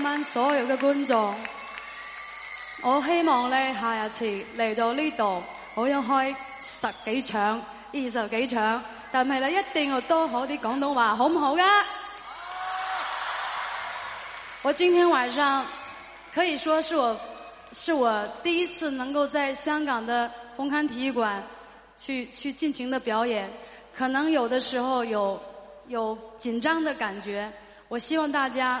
今晚所有嘅觀眾，我希望咧下一次嚟到呢度，我要開十幾場、二十幾場，但係咧一定要多學啲廣東話，好唔好㗎？好，我今天晚上可以說是我，是我第一次能夠在香港的紅磡體育館去去盡情的表演，可能有的時候有有緊張的感覺，我希望大家。